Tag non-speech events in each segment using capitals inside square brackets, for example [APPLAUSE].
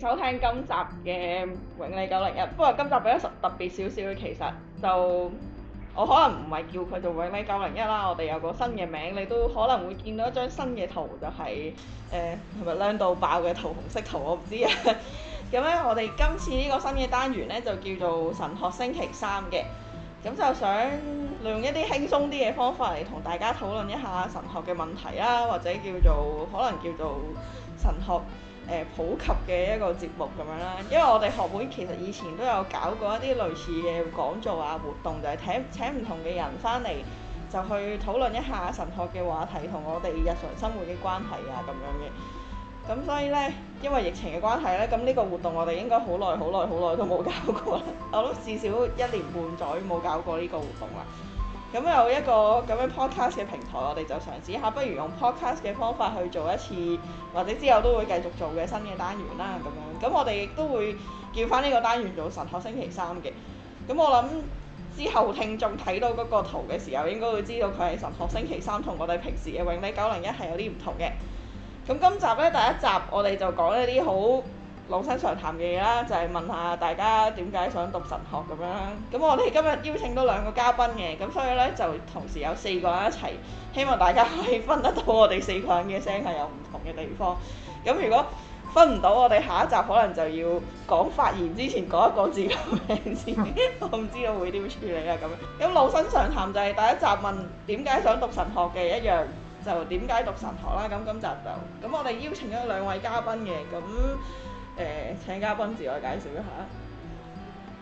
收聽今集嘅永利九零一，不過今集比較特別少少，其實就我可能唔係叫佢做永利九零一啦，我哋有個新嘅名，你都可能會見到一張新嘅圖，就係誒係咪靚到爆嘅桃紅色圖，我唔知啊。咁咧，我哋今次呢個新嘅單元呢，就叫做神學星期三嘅，咁就想利用一啲輕鬆啲嘅方法嚟同大家討論一下神學嘅問題啦，或者叫做可能叫做神學普及嘅一個節目咁樣啦，因為我哋學會其實以前都有搞過一啲類似嘅講座啊、活動，就係請請唔同嘅人翻嚟就去討論一下神學嘅話題同我哋日常生活嘅關係啊咁樣嘅。咁所以呢，因為疫情嘅關係呢，咁呢個活動我哋應該好耐好耐好耐都冇搞過啦。 [LAUGHS] 我都至少一年半載冇搞過呢個活動啦。咁有一個咁樣 podcast 嘅平台，我哋就嘗試下，不如用 podcast 嘅方法去做一次，或者之後都會繼續做嘅新嘅單元啦。咁樣，咁我哋亦都會叫返呢個單元做神學星期三嘅。咁我諗之後聽眾睇到嗰個圖嘅時候，應該會知道佢係神學星期三同我哋平時嘅永利九零一係有啲唔同嘅。咁今集呢，第一集，我哋就講一啲好老生常談嘅嘢啦，就係問下大家點解想讀神學咁樣。咁我哋今日邀請到兩個嘉賓嘅，咁所以呢，就同時有四個人一齊，希望大家可以分得到我哋四個人嘅聲係有唔同嘅地方。咁如果分唔到，我哋下一集可能就要講發言之前講一講自己名先， [LAUGHS] 我唔知道會點處理啊咁。咁老生常談就係第一集問點解想讀神學嘅一樣，就點解讀神學啦。咁今集就咁，我哋邀請咗兩位嘉賓嘅咁。誒請嘉賓自我介紹一下。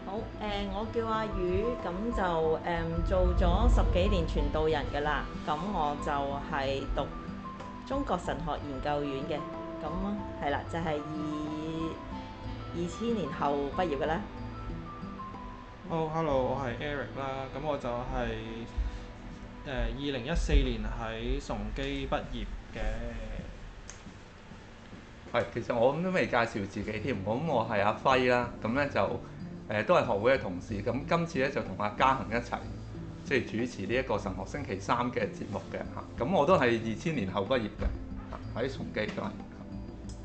好，誒我叫阿魚，咁就誒做咗十幾年傳道人嘅啦。咁我就係讀中國神學研究院嘅，咁係啦，就係二二千年後畢業嘅啦。好，hello，我係 Eric 啦，咁我就係誒二零一四年喺崇基畢業嘅。係，其實我咁都未介紹自己添，咁我係阿輝啦，咁咧就誒、呃、都係學會嘅同事，咁今次咧就同阿嘉恒一齊即係主持呢一個神學星期三嘅節目嘅嚇，咁我都係二千年後畢業嘅，喺崇基嘅。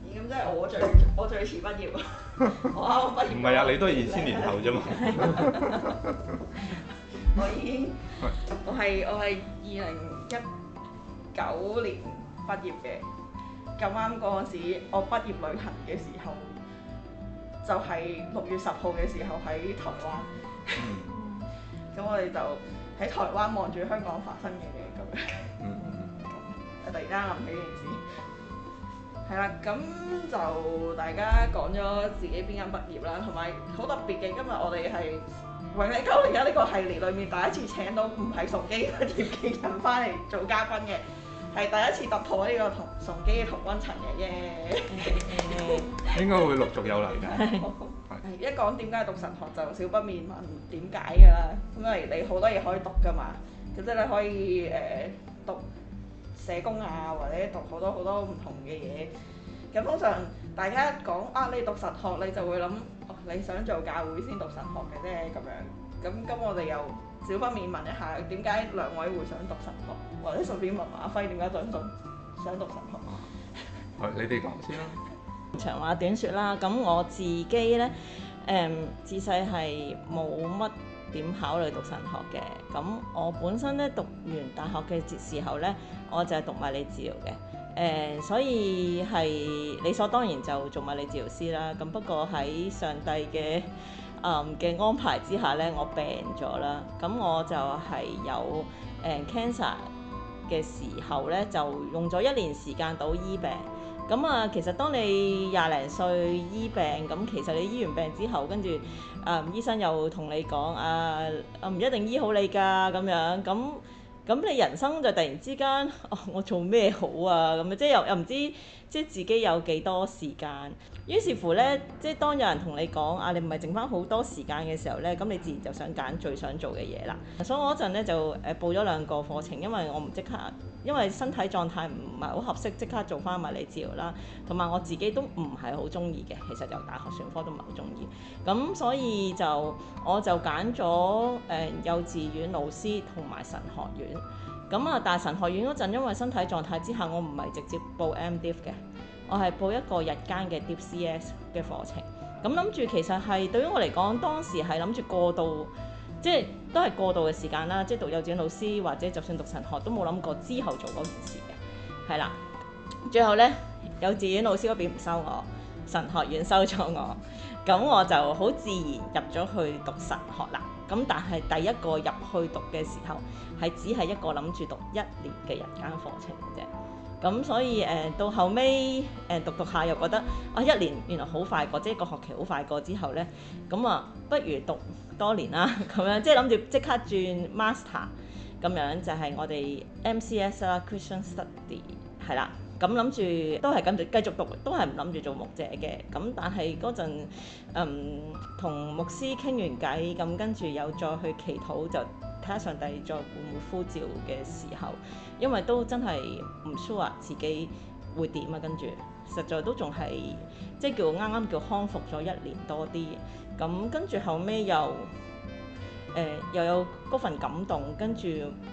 咦，咁即係我最我最遲畢業，我畢業唔係啊？你都係二千年後啫嘛。我已經，我係我係二零一九年畢業嘅。咁啱嗰陣時，我畢業旅行嘅時候，就係、是、六月十號嘅時候喺台灣。咁 [LAUGHS] 我哋就喺台灣望住香港發生嘅嘢咁樣。我 [LAUGHS] [LAUGHS] 突然間諗起件事。係 [LAUGHS] 啦，咁就大家講咗自己邊間畢業啦，同埋好特別嘅，今日我哋係永利九零一呢個系列裏面第一次請到唔係崇基畢業嘅人翻嚟做嘉賓嘅。係第一次突破呢個同崇基嘅同溫層嘅啫，應該會陸續有嚟㗎 [LAUGHS] 一講點解讀神學就少不免問點解㗎啦，因為你好多嘢可以讀㗎嘛，咁即係你可以誒、呃、讀社工啊，或者讀好多好多唔同嘅嘢，咁通常大家講啊，你讀神學你就會諗、哦、你想做教會先讀神學嘅啫咁樣，咁咁我哋又。少不免問一下點解兩位會想讀神學，或者順便問阿暉點解想讀想讀神學啊？係你哋講先啦。長話短説啦，咁我自己咧誒、嗯、自細係冇乜點考慮讀神學嘅。咁我本身咧讀完大學嘅時候咧，我就係讀物理治療嘅。誒、嗯，所以係理所當然就做物理治療師啦。咁不過喺上帝嘅誒嘅安排之下呢，我病咗啦。咁我就係有誒 cancer 嘅時候呢，就用咗一年時間到醫病。咁啊，其實當你廿零歲醫病，咁其實你醫完病之後，跟住誒醫生又同你講啊，啊、唔一定醫好你㗎咁樣。咁咁你人生就突然之間，哦、我做咩好啊？咁啊，即係又又唔知。即係自己有幾多時間，於是乎呢，即係當有人同你講啊，你唔係剩翻好多時間嘅時候呢，咁你自然就想揀最想做嘅嘢啦。所以我嗰陣呢就誒報咗兩個課程，因為我唔即刻，因為身體狀態唔係好合適，即刻做翻物理治療啦，同埋我自己都唔係好中意嘅，其實就大學選科都唔係好中意，咁所以就我就揀咗誒幼稚園老師同埋神學院。咁啊，但神學院嗰陣因為身體狀態之下，我唔係直接報 MDiv 嘅。我係報一個日間嘅 DCS 嘅課程，咁諗住其實係對於我嚟講，當時係諗住過渡，即係都係過渡嘅時間啦。即係讀幼稚園老師，或者就算讀神學都冇諗過之後做嗰件事嘅，係啦。最後呢，幼稚園老師嗰邊唔收我，神學院收咗我，咁我就好自然入咗去讀神學啦。咁、嗯、但係第一個入去讀嘅時候，係只係一個諗住讀一年嘅日間課程嘅啫。咁所以誒、呃、到後尾誒、呃、讀讀下又覺得啊，一年原來好快過，即係個學期好快過之後咧，咁啊不如讀多年啦咁樣，即係諗住即刻轉 master 咁樣就係、是、我哋 MCS 啦，Christian Study 系啦。咁諗住都係咁，繼續讀都係唔諗住做牧者嘅。咁但係嗰陣，嗯，同牧師傾完偈，咁跟住又再去祈禱，就睇下上帝再會唔會呼召嘅時候。因為都真係唔 sure 話自己會點啊。跟住實在都仲係即係叫啱啱叫康復咗一年多啲。咁跟住後尾又。誒、呃、又有嗰份感動，跟住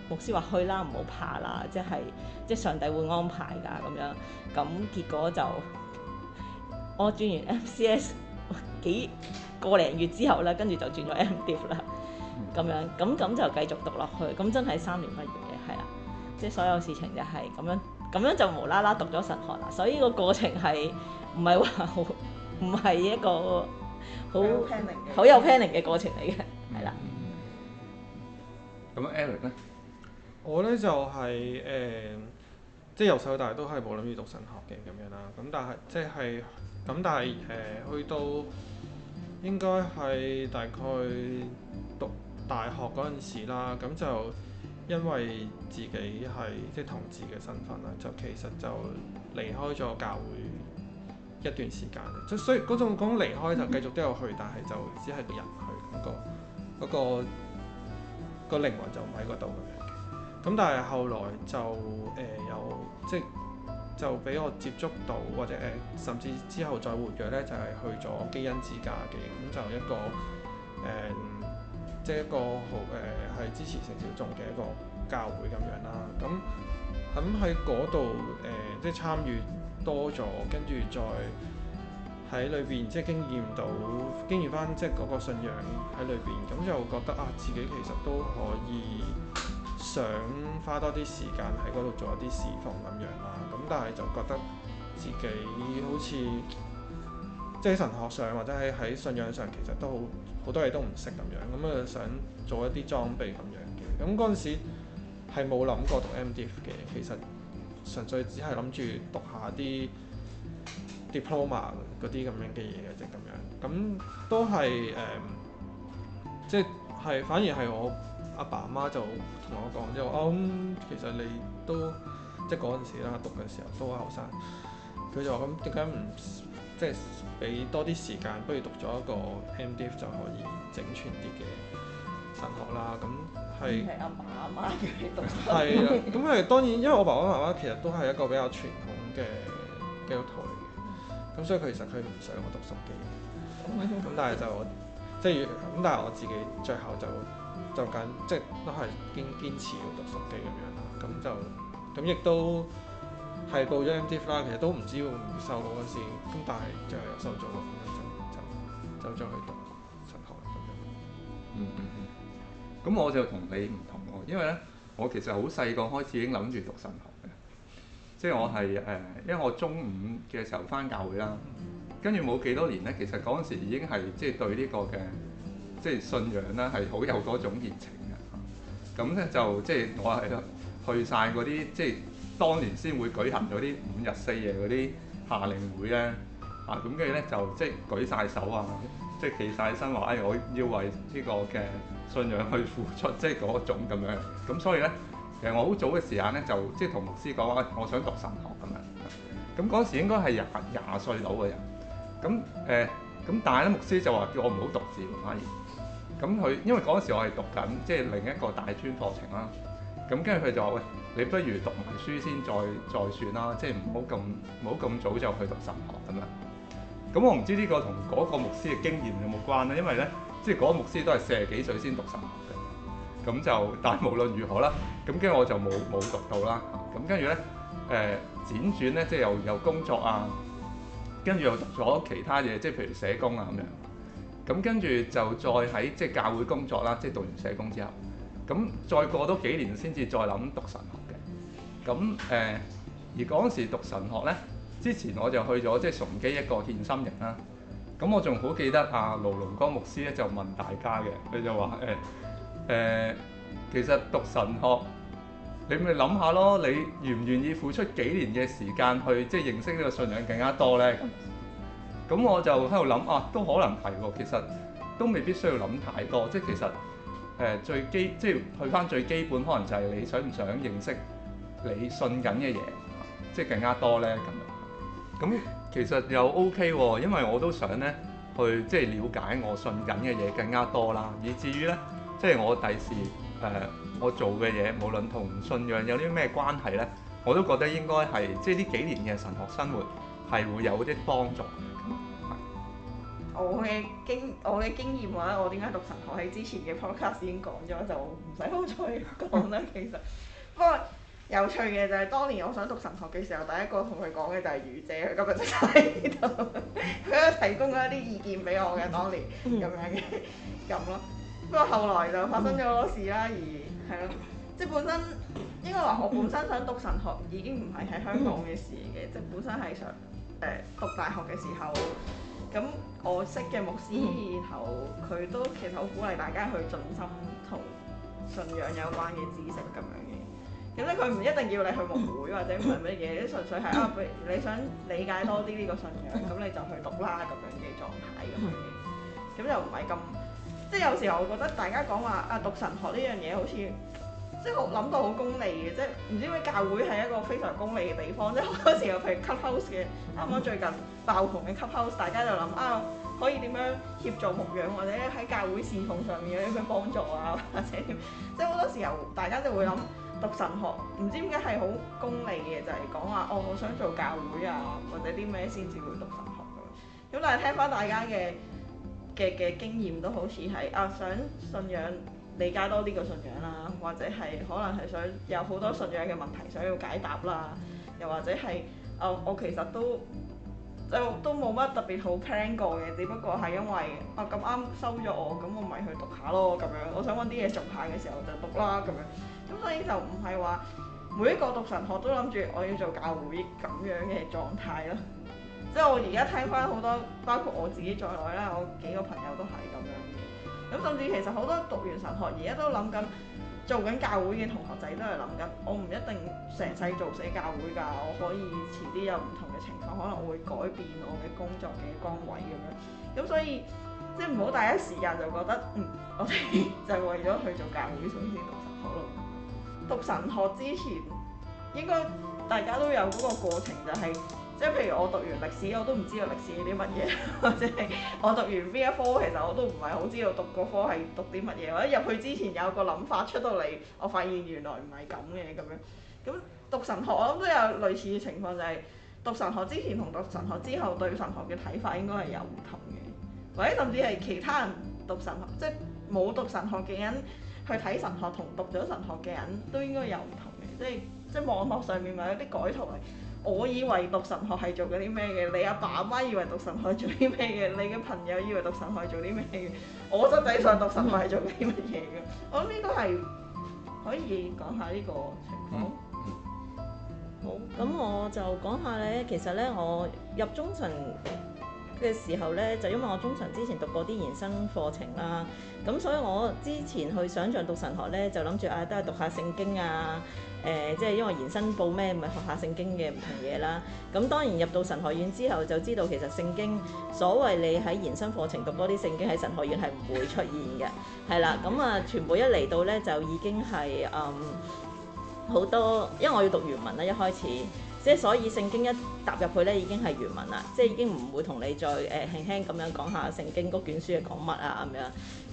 牧師話去啦，唔好怕啦，即係即係上帝會安排㗎咁樣。咁結果就我轉完 MCS 幾個零月之後咧，跟住就轉咗 MDiv 啦。咁樣咁咁就繼續讀落去，咁真係三年畢業嘅，係啦。即係所有事情就係咁樣，咁樣就無啦啦讀咗神學啦。所以個過程係唔係話好，唔係一個好好有 planning 嘅過程嚟嘅，係啦。嗯 [LAUGHS] 咁 Eric 咧，呢我咧就係、是、誒、呃，即係由細到大都係冇諗住讀神學嘅咁樣啦。咁但係即係咁，但係誒、呃，去到應該係大概讀大學嗰陣時啦。咁就因為自己係即係同志嘅身份啦，就其實就離開咗教會一段時間。即係雖然嗰種講離開，就繼續都有去，嗯、但係就只係入去嗰個嗰個，嗰個個靈魂就唔喺嗰度咁樣，咁但係後來就誒、呃、有即係就俾我接觸到，或者誒、呃、甚至之後再活躍咧，就係、是、去咗基恩之家嘅，咁就一個誒、呃、即係一個好誒係支持性小眾嘅一個教會咁樣啦。咁喺嗰度誒即係參與多咗，跟住再。喺裏邊即係經驗到經驗翻即係嗰個信仰喺裏邊，咁就覺得啊自己其實都可以想花多啲時間喺嗰度做一啲侍奉咁樣啦。咁但係就覺得自己好似即係神學上或者係喺信仰上其實都好好多嘢都唔識咁樣。咁啊想做一啲裝備咁樣嘅。咁嗰陣時係冇諗過讀 MDiv 嘅，其實純粹只係諗住讀一下啲 diploma 嗰啲咁樣嘅嘢嘅啫，咁樣，咁都係誒、嗯、即係係反而係我阿爸阿媽就同我講，就話哦，咁、嗯、其實你都即係嗰陣時啦，讀嘅時候都好後生，佢就話咁、嗯、點解唔即係俾多啲時間不如讀咗一個 MDiv 就可以整全啲嘅神學啦。咁係係阿爸阿媽嘅讀係啊，咁係 [LAUGHS] 當然，因為我爸爸媽媽其實都係一個比較傳統嘅基督徒。咁所以佢其實佢唔想我讀數技嘅，咁、oh, my 但係就即係咁，但係我自己最後就就緊，即、就、係、是、都係堅堅持要讀數技咁樣啦。咁就咁亦都係報咗 MDiv 啦。其實都唔知會唔會收我嗰先，咁但係最後又收咗，咁就就走咗去讀神學咁樣。嗯嗯嗯。咁、嗯、我就你同你唔同喎，因為咧，我其實好細個開始已經諗住讀神學。即係我係誒，因為我中五嘅時候返教會啦，跟住冇幾多年咧，其實嗰陣時已經係即係對呢個嘅即係信仰啦，係好有嗰種熱情嘅。咁咧就即係我係去晒嗰啲，即係當年先會舉行嗰啲五日四夜嗰啲夏令會咧，啊咁跟住咧就即係舉晒手啊，即係企晒身話，哎，我要為呢個嘅信仰去付出，即係嗰種咁樣。咁所以咧。其實我好早嘅時間咧，就即係同牧師講話，我想讀神學咁樣。咁嗰時應該係廿廿歲到嘅人。咁誒咁，但係咧牧師就話叫我唔好讀字，我發現。咁佢因為嗰陣時我係讀緊即係另一個大專課程啦。咁跟住佢就話：喂、欸，你不如讀埋書先，再再算啦，即係唔好咁唔好咁早就去讀神學咁樣。咁我唔知呢個同嗰個牧師嘅經驗有冇關咧？因為咧，即係嗰個牧師都係四十幾歲先讀神學。咁就，但無論如何啦，咁跟住我就冇冇讀到啦。咁跟住咧，誒、呃、輾轉咧，即係又又工作啊，跟住又讀咗其他嘢，即係譬如社工啊咁樣。咁跟住就再喺即係教會工作啦，即係讀完社工之後，咁再過多幾年先至再諗讀神學嘅。咁誒、呃，而嗰陣時讀神學咧，之前我就去咗即係崇基一個獻心日啦。咁我仲好記得阿、啊、盧龍江牧師咧就問大家嘅，佢就話誒。嗯欸誒、呃，其實讀神學，你咪諗下咯，你願唔願意付出幾年嘅時間去，即係認識呢個信仰更加多呢？咁我就喺度諗啊，都可能係喎。其實都未必需要諗太多，即係其實誒、呃、最基，即係去返最基本，可能就係你想唔想認識你信緊嘅嘢，即係更加多呢。咁樣咁其實又 O、OK、K、喎，因為我都想呢，去即係了解我信緊嘅嘢更加多啦，以至於呢。即係我第時誒，我做嘅嘢無論同信仰有啲咩關係咧，我都覺得應該係即係呢幾年嘅神學生活係會有啲幫助嘅。我嘅經我嘅經驗話，我點解讀神學喺之前嘅 podcast 已經講咗，就唔使好再講啦。其實 [LAUGHS] 不過有趣嘅就係、是，當年我想讀神學嘅時候，第一個同佢講嘅就係魚姐，佢今日就喺度，佢都提供咗一啲意見俾我嘅。當年咁 [LAUGHS] [LAUGHS] 樣嘅咁咯。不過後來就發生咗好多事啦，而係咯，即係本身應該話我本身想讀神學已經唔係喺香港嘅事嘅，即係 [LAUGHS] 本身係想誒、呃、讀大學嘅時候，咁我識嘅牧師頭，然後佢都其實好鼓勵大家去盡心同信仰有關嘅知識咁樣嘅，咁咧佢唔一定要你去牧會或者唔係乜嘢，啲 [LAUGHS] 純粹係啊， [LAUGHS] 你想理解多啲呢個信仰，咁你就去讀啦咁樣嘅狀態咁樣嘅，咁就唔係咁。即係有時候，我覺得大家講話啊讀神學呢樣嘢，好似即係諗到好功利嘅，即係唔知點解教會係一個非常功利嘅地方。即係好多時候，譬如 Clubhouse 嘅，啱啱最近爆紅嘅 Clubhouse，大家就諗啊可以點樣協助牧養，或者喺教會事奉上面有啲咩幫助啊，或者點？即係好多時候，大家就會諗讀神學，唔知點解係好功利嘅，就係講話哦，我想做教會啊，或者啲咩先至會讀神學㗎。咁但係聽翻大家嘅。嘅嘅經驗都好似係啊，想信仰理解多啲個信仰啦、啊，或者係可能係想有好多信仰嘅問題想要解答啦、啊，又或者係啊，我其實都就都冇乜特別好 plan 過嘅，只不過係因為啊咁啱收咗我，咁我咪去讀下咯咁樣，我想揾啲嘢做下嘅時候就讀啦咁樣，咁所以就唔係話每一個讀神學都諗住我要做教會咁樣嘅狀態咯。即係我而家聽翻好多，包括我自己在內啦，我幾個朋友都係咁樣嘅。咁甚至其實好多讀完神學，而家都諗緊做緊教會嘅同學仔都係諗緊，我唔一定成世做死教會㗎，我可以遲啲有唔同嘅情況，可能會改變我嘅工作嘅崗位咁樣。咁所以即係唔好第一時間就覺得，嗯，我哋就係為咗去做教會所以先讀神學咯。讀神學之前應該大家都有嗰個過程，就係、是。即係譬如我讀完歷史，我都唔知道歷史係啲乜嘢，或者係我讀完 V 一科，其實我都唔係好知道讀個科係讀啲乜嘢，或者入去之前有個諗法，出到嚟，我發現原來唔係咁嘅咁樣。咁讀神學，我諗都有類似嘅情況，就係、是、讀神學之前同讀神學之後對神學嘅睇法應該係有唔同嘅，或者甚至係其他人讀神學，即係冇讀神學嘅人去睇神學同讀咗神學嘅人都應該有唔同嘅，即係即係網絡上面咪有啲改圖嚟。我以為讀神學係做嗰啲咩嘅？你阿爸阿媽以為讀神學做啲咩嘅？你嘅朋友以為讀神學做啲咩嘅？我實際上讀神學係做啲乜嘢嘅？我諗呢個係可以講下呢、呢個情況。好，咁、嗯、我就講下咧。其實咧，我入中神嘅時候咧，就因為我中神之前讀過啲延伸課程啦、啊，咁所以我之前去想象讀神學咧，就諗住啊，都係讀下聖經啊。誒、呃、即係因為延伸報咩，咪學下聖經嘅唔同嘢啦。咁、嗯、當然入到神學院之後，就知道其實聖經所謂你喺延伸課程讀多啲聖經，喺神學院係唔會出現嘅，係啦。咁、嗯、啊，全部一嚟到呢就已經係嗯好多，因為我要讀原文啦，一開始即係所以聖經一踏入去呢已經係原文啦，即係已經唔會同你再誒、呃、輕輕咁樣講下聖經嗰卷書嘅講乜啊咁樣。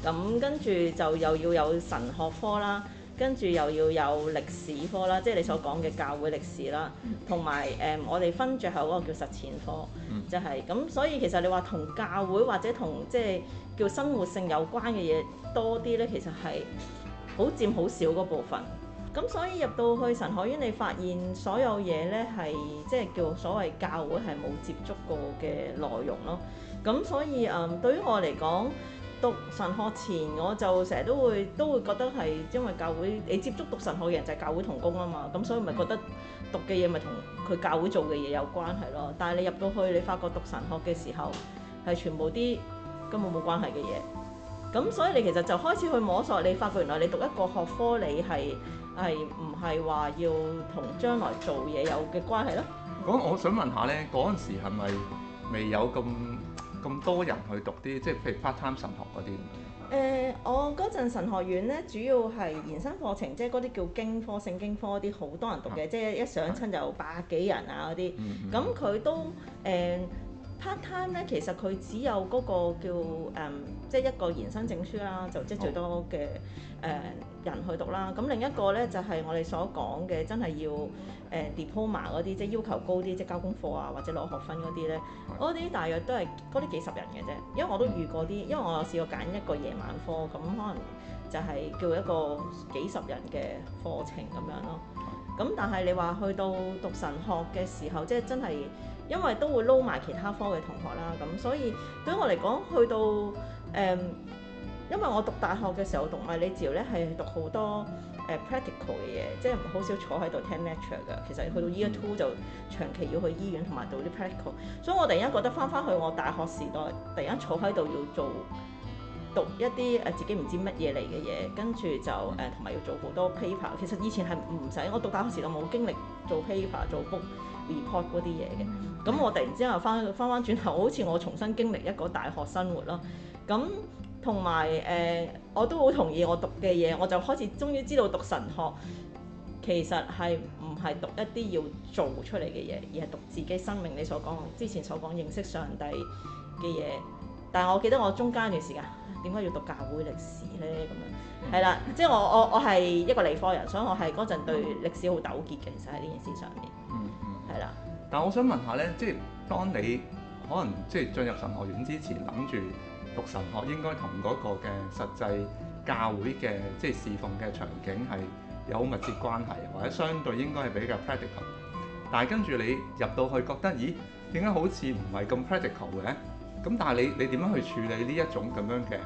咁、嗯、跟住就又要有神學科啦。跟住又要有歷史科啦，即係你所講嘅教會歷史啦，同埋誒我哋分最後嗰個叫實踐科，嗯、就係、是、咁。所以其實你話同教會或者同即係叫生活性有關嘅嘢多啲呢，其實係好佔好少嗰部分。咁所以入到去神學院，你發現所有嘢呢係即係叫所謂教會係冇接觸過嘅內容咯。咁所以誒、嗯，對於我嚟講，讀神學前，我就成日都會都會覺得係因為教會，你接觸讀神學嘅人就係教會同工啊嘛，咁所以咪覺得讀嘅嘢咪同佢教會做嘅嘢有關係咯。但係你入到去，你發覺讀神學嘅時候係全部啲根本冇關係嘅嘢，咁所以你其實就開始去摸索，你發覺原來你讀一個學科，你係係唔係話要同將來做嘢有嘅關係咯？咁我想問下呢，嗰陣時係咪未有咁？咁多人去讀啲即係譬如 part time 神學嗰啲咁樣。誒、呃，我嗰陣神學院咧，主要係延伸課程，即係嗰啲叫經科、聖經科啲好多人讀嘅，啊、即係一上親就有百幾人啊嗰啲。咁佢都誒、呃、part time 咧，其實佢只有嗰個叫誒、呃，即係一個延伸證書啦，就即係最多嘅誒。啊呃人去讀啦，咁另一個呢，就係、是、我哋所講嘅，真係要誒 diploma 嗰啲，即係要求高啲，即係交功課啊或者攞學分嗰啲呢。嗰啲 [NOISE] 大約都係嗰啲幾十人嘅啫，因為我都遇過啲，因為我有試過揀一個夜晚科，咁可能就係叫一個幾十人嘅課程咁樣咯，咁但係你話去到讀神學嘅時候，即係真係因為都會撈埋其他科嘅同學啦，咁所以對於我嚟講，去到誒。呃因為我讀大學嘅時候讀物理治療咧，係讀好多誒、呃、practical 嘅嘢，即係好少坐喺度聽 lecture 噶。其實去到 year two 就長期要去醫院同埋做啲 practical，所以我突然間覺得翻翻去我大學時代，突然間坐喺度要做讀一啲誒自己唔知乜嘢嚟嘅嘢，跟住就誒同埋要做好多 paper。其實以前係唔使我讀大學時代冇經歷做 paper 做 book report 嗰啲嘢嘅。咁我突然之後翻翻翻轉頭，好似我重新經歷一個大學生活咯。咁同埋誒，我都好同意我讀嘅嘢，我就開始終於知道讀神學其實係唔係讀一啲要做出嚟嘅嘢，而係讀自己生命你所講之前所講認識上帝嘅嘢。但係我記得我中間一段時間，點解要讀教會歷史呢？咁樣係啦，嗯，即係我我我係一個理科人，所以我係嗰陣對歷史好糾結嘅。其實喺呢件事上面，嗯嗯，係啦、嗯。但係我想問下呢，即係當你可能即係進入神學院之前，諗住，讀神學應該同嗰個嘅實際教會嘅即係侍奉嘅場景係有好密切關係，或者相對應該係比較 practical。但係跟住你入到去覺得，咦？點解好似唔係咁 practical 嘅？咁但係你你點樣去處理呢一種咁樣嘅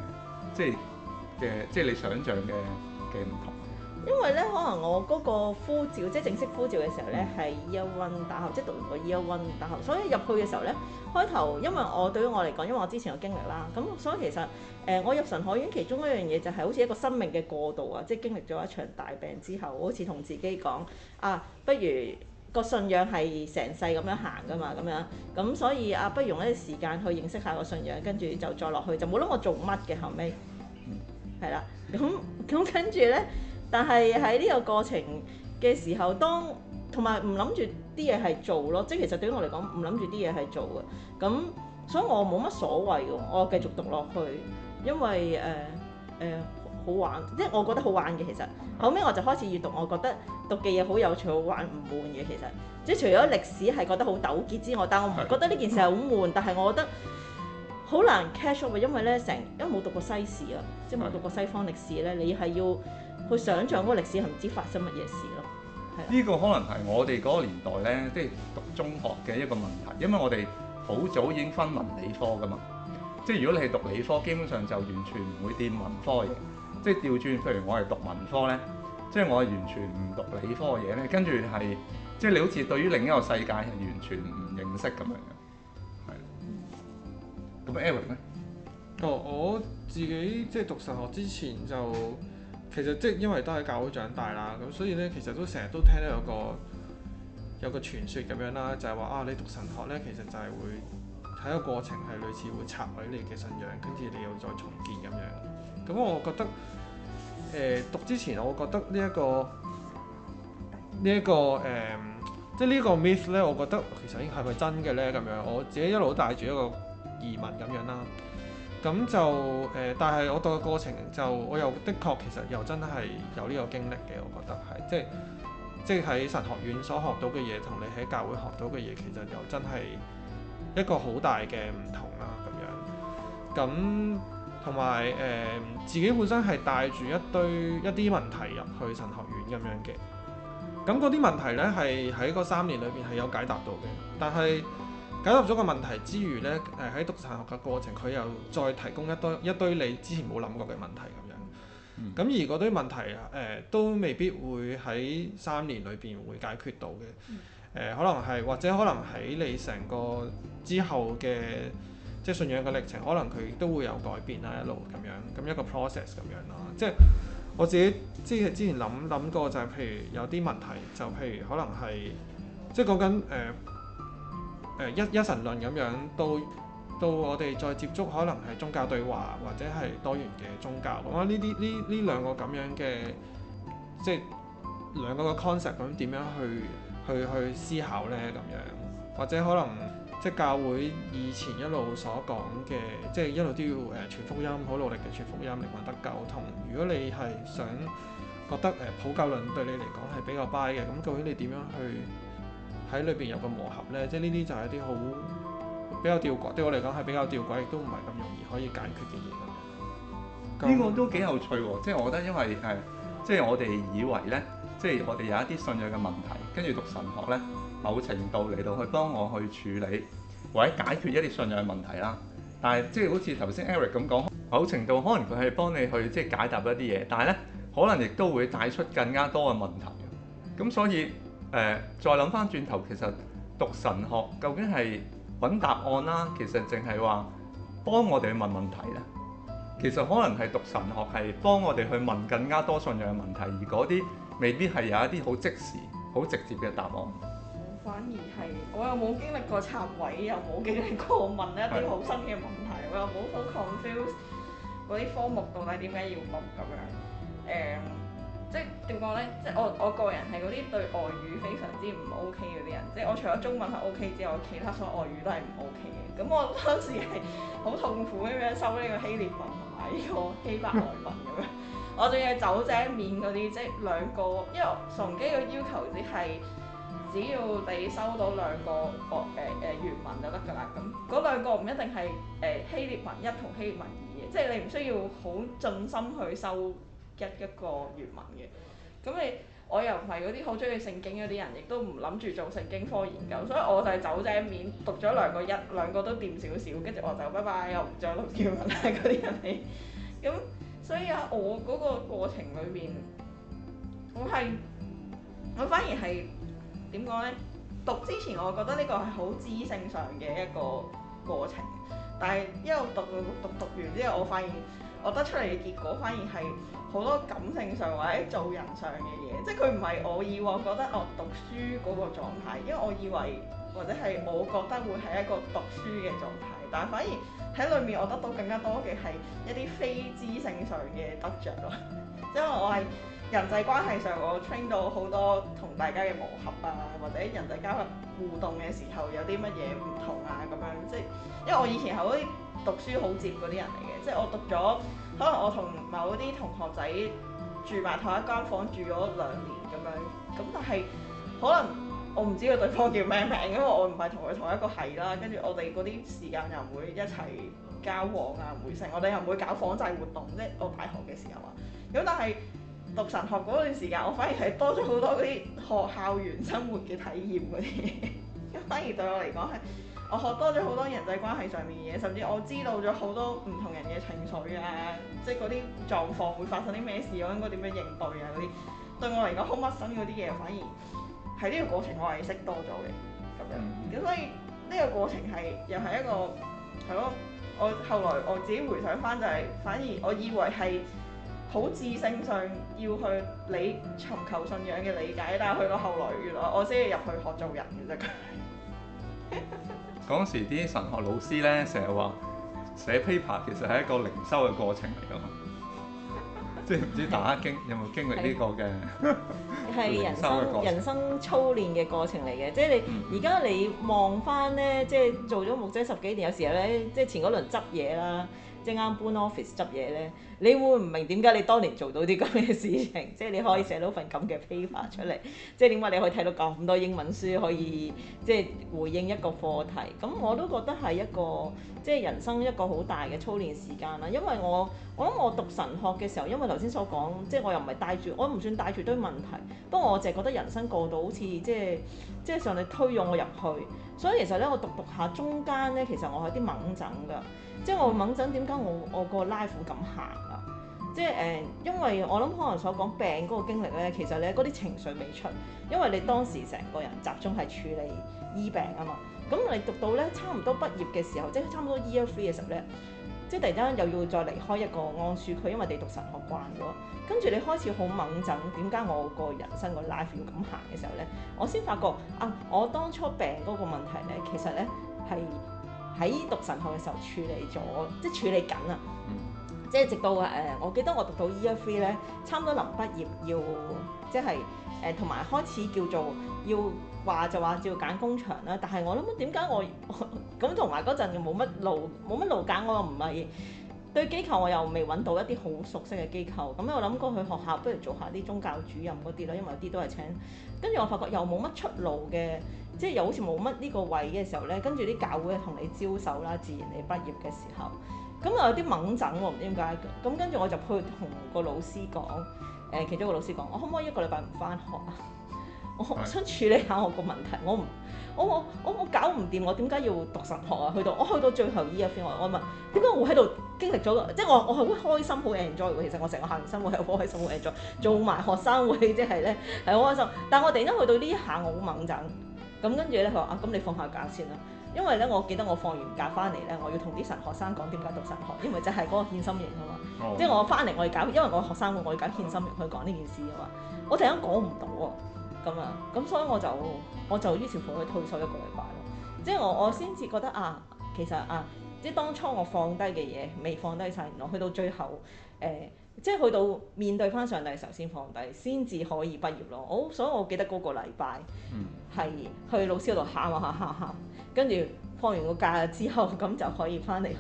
即係嘅即係你想象嘅嘅唔同？因為咧，可能我嗰個呼召，即係正式呼召嘅時候咧，係 Year One 大學，即係讀完個、e、Year One 大學，所以入去嘅時候咧，開頭因為我對於我嚟講，因為我之前嘅經歷啦，咁所以其實誒、呃，我入神學院其中一樣嘢就係好似一個生命嘅過渡啊，即係經歷咗一場大病之後，好似同自己講啊，不如個信仰係成世咁樣行㗎嘛，咁樣咁，所以啊，不如用一啲時間去認識下個信仰，跟住就再落去就冇諗我做乜嘅後尾，係啦，咁咁跟住咧。但係喺呢個過程嘅時候，當同埋唔諗住啲嘢係做咯，即係其實對於我嚟講唔諗住啲嘢係做嘅。咁所以我冇乜所謂㗎，我繼續讀落去，因為誒誒、呃呃、好玩，即係我覺得好玩嘅。其實後尾我就開始閱讀，我覺得讀嘅嘢好有趣、好玩、唔悶嘅。其實即係除咗歷史係覺得好糾結之外，但我唔覺得呢件事係好悶。但係我覺得好難 catch up 啊，因為咧成因為冇讀過西史啊，的即係冇讀過西方歷史咧，你係要。去想像嗰個歷史係唔知發生乜嘢事咯。呢個可能係我哋嗰個年代呢，即係讀中學嘅一個問題，因為我哋好早已經分文理科噶嘛。即係如果你係讀理科，基本上就完全唔會掂文科嘅嘢。即係調轉，譬如我係讀文科呢，即係我係完全唔讀理科嘅嘢呢。跟住係即係你好似對於另一個世界係完全唔認識咁樣嘅。係。咁 Eric 呢？哦，我自己即係讀神學之前就。其實即係因為都喺教會長大啦，咁所以咧其實都成日都聽到有個有個傳說咁樣啦，就係話啊你讀神學咧，其實就係會睇個過程係類似會拆毀你嘅信仰，跟住你又再重建咁樣。咁我覺得誒讀之前，我覺得呢一個呢一個誒，即係呢個 myth 咧，我覺得其實應該係咪真嘅咧咁樣？我自己一路都帶住一個疑問咁樣啦。咁就誒、呃，但係我讀嘅過程就，我又的確其實又真係有呢個經歷嘅，我覺得係，即係即係喺神學院所學到嘅嘢，同你喺教會學到嘅嘢，其實又真係一個好大嘅唔同啦、啊，咁樣。咁同埋誒，自己本身係帶住一堆一啲問題入去神學院咁樣嘅，咁嗰啲問題呢，係喺嗰三年裏邊係有解答到嘅，但係，解答咗個問題之餘呢，誒喺讀神學嘅過程，佢又再提供一堆一堆你之前冇諗過嘅問題咁樣。咁、嗯、而嗰堆問題誒、呃、都未必會喺三年裏邊會解決到嘅、呃。可能係或者可能喺你成個之後嘅即係信仰嘅歷程，可能佢都會有改變啦，一路咁樣。咁一個 process 咁樣咯。即係我自己之之前諗諗過就係，譬如有啲問題，就譬如可能係即係講緊誒。呃誒、呃、一一神論咁樣，到到我哋再接觸可能係宗教對話，或者係多元嘅宗教，咁啊呢啲呢呢兩個咁樣嘅，即、就、係、是、兩個嘅 concept 咁點樣去去去思考呢？咁樣，或者可能即係、就是、教會以前一路所講嘅，即、就、係、是、一路都要誒傳福音，好努力嘅傳福音，靈魂得救。同如果你係想覺得誒普教論對你嚟講係比較 buy 嘅，咁究竟你點樣去喺裏邊有個磨合咧，即係呢啲就係一啲好比較吊詭，對我嚟講係比較吊詭，亦都唔係咁容易可以解決嘅嘢。呢個都幾有趣喎！即係我覺得，因為係即係我哋以為咧，即係我哋有一啲信仰嘅問題，跟住讀神學咧，某程度嚟到去幫我去處理或者解決一啲信仰嘅問題啦。但係即係好似頭先 Eric 咁講，某程度可能佢係幫你去即係解答一啲嘢，但係咧可能亦都會帶出更加多嘅問題。咁所以。誒、呃，再諗翻轉頭，其實讀神學究竟係揾答案啦，其實淨係話幫我哋去問問題咧。其實可能係讀神學係幫我哋去問更加多信仰嘅問題，而嗰啲未必係有一啲好即時、好直接嘅答案。反而係，我又冇經歷過插位，又冇經歷過問一啲好新嘅問題，的我又冇好 confuse 嗰啲科目到底點解要讀咁樣。嗯。即係點講咧？即係我我個人係嗰啲對外語非常之唔 OK 嗰啲人，即係我除咗中文係 OK 之外，我其他所有外語都係唔 OK 嘅。咁我當時係好痛苦咁樣收呢個希臘文同埋呢個希伯來文咁樣，我仲要走正面嗰啲，即係兩個，因為崇基嘅要求只係只要你收到兩個個誒原文就得㗎啦。咁嗰兩個唔一定係誒希臘文一同希臘文二嘅，即係你唔需要好盡心去收。一一個原文嘅，咁你我又唔係嗰啲好中意聖經嗰啲人，亦都唔諗住做聖經科研究，所以我就係走正面，讀咗兩個一，兩個都掂少少，跟住我就拜拜，又唔再讀原文啦嗰啲人嚟。咁所以喺、啊、我嗰個過程裏面，我係我反而係點講呢？讀之前我覺得呢個係好知性上嘅一個過程，但係因為讀讀讀讀完之後，我發現，我得出嚟嘅結果反而係好多感性上或者做人上嘅嘢，即係佢唔係我以往覺得我讀書嗰個狀態，因為我以為或者係我覺得會係一個讀書嘅狀態，但係反而喺裡面我得到更加多嘅係一啲非知性上嘅得着咯。因為我係人際關係上我 train 到好多同大家嘅磨合啊，或者人際交往互動嘅時候有啲乜嘢唔同啊咁樣，即係因為我以前係啲。讀書好接嗰啲人嚟嘅，即係我讀咗，可能我同某啲同學仔住埋同一間房住咗兩年咁樣，咁但係可能我唔知個對方叫咩名，因為我唔係同佢同一個系啦，跟住我哋嗰啲時間又唔會一齊交往啊、會成。我哋又唔會搞房際活動，即係我大學嘅時候啊，咁但係讀神學嗰段時間，我反而係多咗好多嗰啲學校園生活嘅體驗嗰啲，反而對我嚟講係。我學多咗好多人際關係上面嘅嘢，甚至我知道咗好多唔同人嘅情緒啊，即係嗰啲狀況會發生啲咩事，我應該點樣應對啊嗰啲，對我嚟講好陌生嗰啲嘢，反而喺呢個過程我係識多咗嘅，咁樣咁所以呢個過程係又係一個係咯，我後來我自己回想返就係、是、反而我以為係好智性上要去理尋求信仰嘅理解，但係去到後來原來我先係入去學做人嘅啫。就是嗰時啲神學老師咧，成日話寫 paper 其實係一個靈修嘅過程嚟㗎嘛，即係唔知大家經有冇經歷呢個嘅？係人生 [LAUGHS] 人生操練嘅過程嚟嘅，即係你而家你望翻咧，即係做咗牧者十幾年，有時候咧，即係前嗰輪執嘢啦。即啱搬 office 執嘢咧，你會唔明點解你當年做到啲咁嘅事情？即係你可以寫到份咁嘅 paper 出嚟，即係點解你可以睇到咁多英文書可以即係回應一個課題？咁我都覺得係一個即係人生一個好大嘅操練時間啦。因為我我諗我讀神學嘅時候，因為頭先所講，即係我又唔係帶住，我唔算帶住堆問題。不過我淨係覺得人生過到好似即係即係上帝推咗我入去，所以其實咧，我讀讀下中間咧，其實我係啲猛整㗎。即係我猛諗，點解我我個 life 咁行啊？即係誒、呃，因為我諗可能所講病嗰個經歷咧，其實咧嗰啲情緒未出，因為你當時成個人集中係處理醫病啊嘛。咁你讀到咧，差唔多畢業嘅時候，即係差唔多 E.L.F 嘅時候咧，即係突然間又要再離開一個安舒區，因為你讀神學慣咗，跟住你開始好猛諗，點解我個人生個 life 要咁行嘅時候咧？我先發覺啊，我當初病嗰個問題咧，其實咧係，喺讀神學嘅時候處理咗，即係處理緊啦。即係直到誒、呃，我記得我讀到 Year Three 咧，差唔多臨畢業要，即係誒同埋開始叫做要話就話照揀工場啦。但係我諗點解我咁同埋嗰陣又冇乜路冇乜路揀，我又唔係。對機構我又未揾到一啲好熟悉嘅機構，咁我諗過去學校不如做下啲宗教主任嗰啲啦，因為有啲都係請。跟住我發覺又冇乜出路嘅，即係又好似冇乜呢個位嘅時候呢，跟住啲教會係同你招手啦，自然你畢業嘅時候，咁啊有啲猛整喎，唔知點解。咁跟住我就去同個老師講，誒、呃、其中一個老師講，我可唔可以一個禮拜唔翻學啊？我想處理下我個問題，我唔，我我我我搞唔掂，我點解要讀神學啊？去到我去到最後依一飛，我問我問點解會喺度經歷咗？即係我我係好開心，好 enjoy。其實我成個校園生，生活係好開心，好 enjoy，做埋學生會即係咧係好開心。但係我突然間去到呢一下，我好 𤷪𤺧。咁跟住咧，佢話啊，咁你放下假先啦。因為咧，我記得我放完假翻嚟咧，我要同啲神學生講點解讀神學，因為就係嗰個獻心型啊嘛。Oh. 即係我翻嚟我要搞，因為我學生會我要搞獻心型去講呢件事啊嘛。我突然間講唔到啊！咁啊，咁所以我就我就於是乎去退修一個禮拜咯，即係我我先至覺得啊，其實啊，即係當初我放低嘅嘢未放低晒，我去到最後誒、呃，即係去到面對返上帝嘅時候先放低，先至可以畢業咯。好，所以我記得嗰個禮拜，嗯，係去老師嗰度喊啊喊喊喊，跟住、啊。放完個假之後，咁就可以翻嚟去，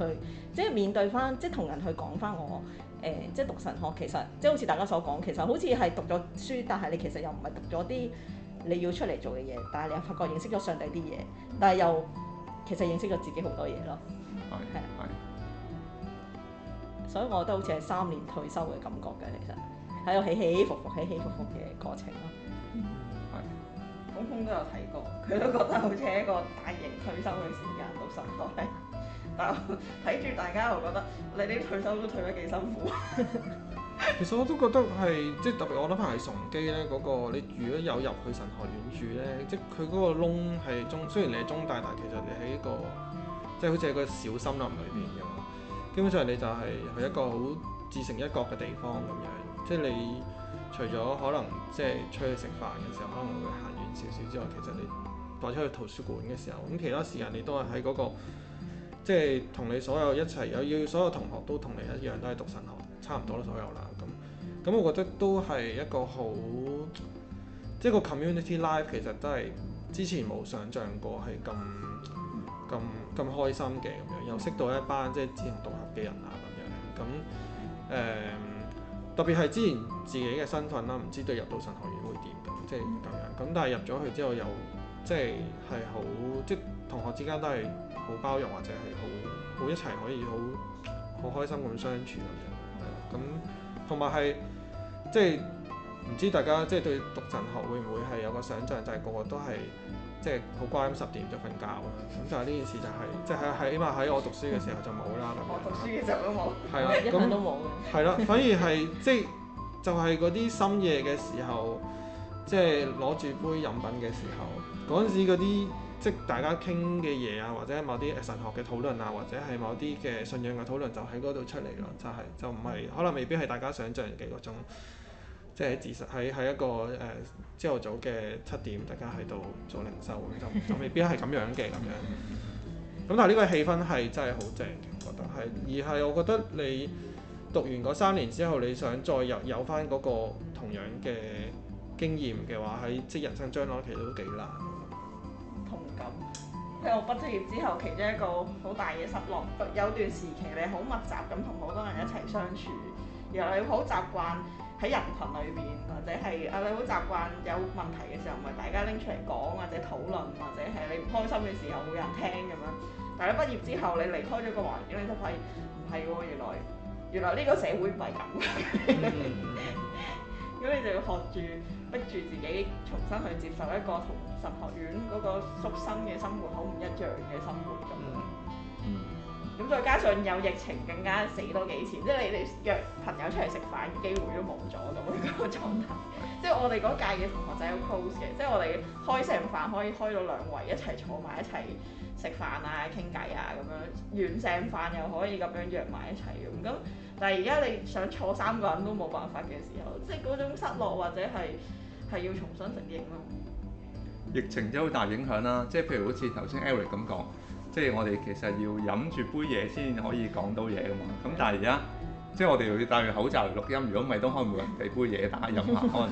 即係面對翻，即係同人去講翻我誒、呃，即係讀神學其實，即係好似大家所講，其實好似係讀咗書，但係你其實又唔係讀咗啲你要出嚟做嘅嘢，但係你又發覺認識咗上帝啲嘢，但係又其實認識咗自己好多嘢咯。係係。所以我覺得好似係三年退休嘅感覺嘅，其實喺度起起伏伏、起起伏伏嘅過程咯。通都有睇過，佢都覺得好似一個大型退休嘅時間到十歲。 [LAUGHS] 但睇住大家又覺得你啲退休都退得幾辛苦。 [LAUGHS] 其實我都覺得係即係特別，我諗翻係崇基咧嗰、那個。你如果有入去神學院住咧，即係佢嗰個窿係中雖然你係中大，大，但其實你喺一個即係、就是、好似一個小森林裏邊咁。基本上你就係係一個好自成一國嘅地方咁樣。即係你除咗可能即係出去食飯嘅時候，嗯、可能會行。少少之外，其實你帶出去圖書館嘅時候，咁其他時間你都係喺嗰個即係同你所有一齊有要所有同學都同你一樣都係讀神學，差唔多啦，所有啦咁，咁我覺得都係一個好，即係個 community life 其實都係之前冇想象過係咁咁咁開心嘅咁樣，又識到一班即係志同道合嘅人啊咁樣，咁誒、呃、特別係之前自己嘅身份啦，唔知對入到神學院會點。即係咁樣，咁但係入咗去之後又即係係好，即係同學之間都係好包容，或者係好好一齊可以好好開心咁相處咁樣。咁同埋係即係唔知大家即係對讀神學會唔會係有個想像就個，就係個個都係即係好乖咁，十點就瞓覺。咁但係呢件事就係、是、即係喺起碼喺我讀書嘅時候就冇啦咁樣。 [LAUGHS] 為我讀書嘅時候都冇，啊、 [LAUGHS] 一向都冇嘅。係 [LAUGHS] 啦、啊，反而係即係就係嗰啲深夜嘅時候。即係攞住杯飲品嘅時候，嗰陣時嗰啲即大家傾嘅嘢啊，或者某啲神學嘅討論啊，或者係某啲嘅信仰嘅討論就，就喺嗰度出嚟咯。就係就唔係可能未必係大家想像嘅嗰種，即係喺事實喺喺一個誒朝頭早嘅七點，大家喺度做零售咁就未必係咁樣嘅咁樣。咁但係呢個氣氛係真係好正，我覺得係而係我覺得你讀完嗰三年之後，你想再有有返嗰個同樣嘅經驗嘅話喺即人生將來其實都幾難。嗯。同感，喺我畢咗業之後，其中一個好大嘅失落，有段時期你好密集咁同好多人一齊相處，然後你好習慣喺人群裏邊，或者係啊你好習慣有問題嘅時候，唔係大家拎出嚟講或者討論，或者係你唔開心嘅時候會有人聽咁樣。但係你畢業之後，你離開咗個環境，你就發現唔係喎，原來原來呢個社會唔係咁嘅。嗯 [LAUGHS] 就要學住逼住自己重新去接受一個同神學院嗰個宿生嘅生活好唔一樣嘅生活咁，咁、嗯、再加上有疫情更加死多幾錢，即係你哋約朋友出嚟食飯機會都冇咗咁嘅狀態，即係我哋嗰屆嘅同學仔好 close 嘅，嗯、即係我哋開成飯可以開到兩圍一齊坐埋一齊。食飯啊、傾偈啊咁樣，完剩飯又可以咁樣約埋一齊咁。咁但係而家你想坐三個人都冇辦法嘅時候，即係嗰種失落或者係係要重新適應咯。疫情真係好大影響啦，即係譬如好似頭先 Eric 咁講，即係我哋其實要飲住杯嘢先可以講到嘢嘅嘛。咁但係而家即係我哋要戴住口罩嚟錄音，如果唔係都開唔到人哋杯嘢，打飲下好啲。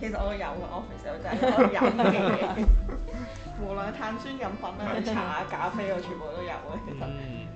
其實我有個 office，我真係可以飲嘅。無論碳酸飲品啊、茶啊、咖啡啊，我全部都有啊，其實。